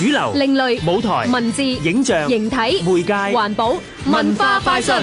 主流、另類舞台、文字、影像、形體、媒介、環保、文化、快訊。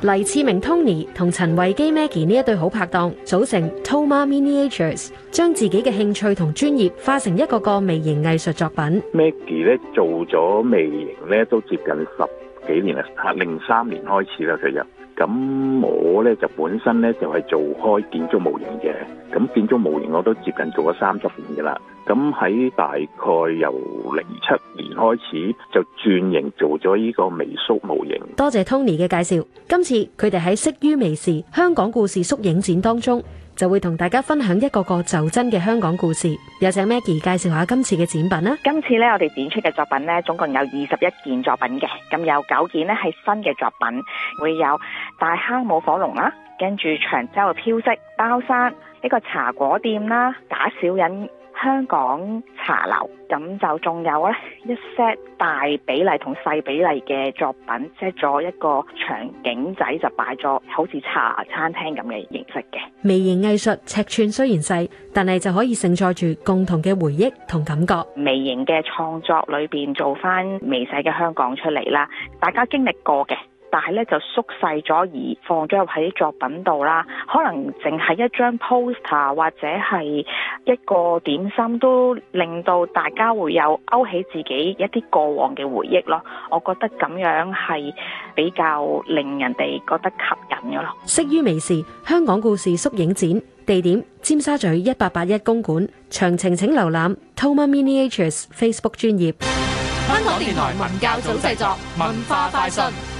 黎智明 Tony 同陳慧基 Maggie 呢一對好拍檔組成 Toma Miniatures，將自己嘅興趣同專業化成一個個微型藝術作品。Maggie 咧做咗微型咧都接近十幾年啦，吓零三年開始啦，其實。咁我咧就本身咧就係做開建築模型嘅，咁建築模型我都接近做咗三十年噶啦。咁喺大概由零七年開始就轉型做咗呢個微縮模型。多謝 Tony 嘅介紹。今次佢哋喺《識於微視香港故事縮影展》當中，就會同大家分享一個個就真嘅香港故事。有請 Maggie 介紹下今次嘅展品啦。今次呢，我哋展出嘅作品呢，總共有二十一件作品嘅。咁有九件呢，係新嘅作品，會有大坑舞火龍啦，跟住長洲嘅飄色、包山，一個茶果店啦，打小人。香港茶樓，咁就仲有咧一些大比例同細比例嘅作品，即係做一個場景仔，就擺咗好似茶餐廳咁嘅形式嘅。微型藝術尺寸雖然細，但係就可以盛載住共同嘅回憶同感覺。微型嘅創作裏邊做翻微細嘅香港出嚟啦，大家經歷過嘅。但係咧就縮細咗而放咗入喺作品度啦，可能淨係一張 poster 或者係一個點心都令到大家會有勾起自己一啲過往嘅回憶咯。我覺得咁樣係比較令人哋覺得吸引嘅咯。識於微視，香港故事縮影展地點：尖沙咀一八八一公館。詳情請瀏覽 Thomas Miniatures Facebook 專頁。香港電台文教組製作文化快訊。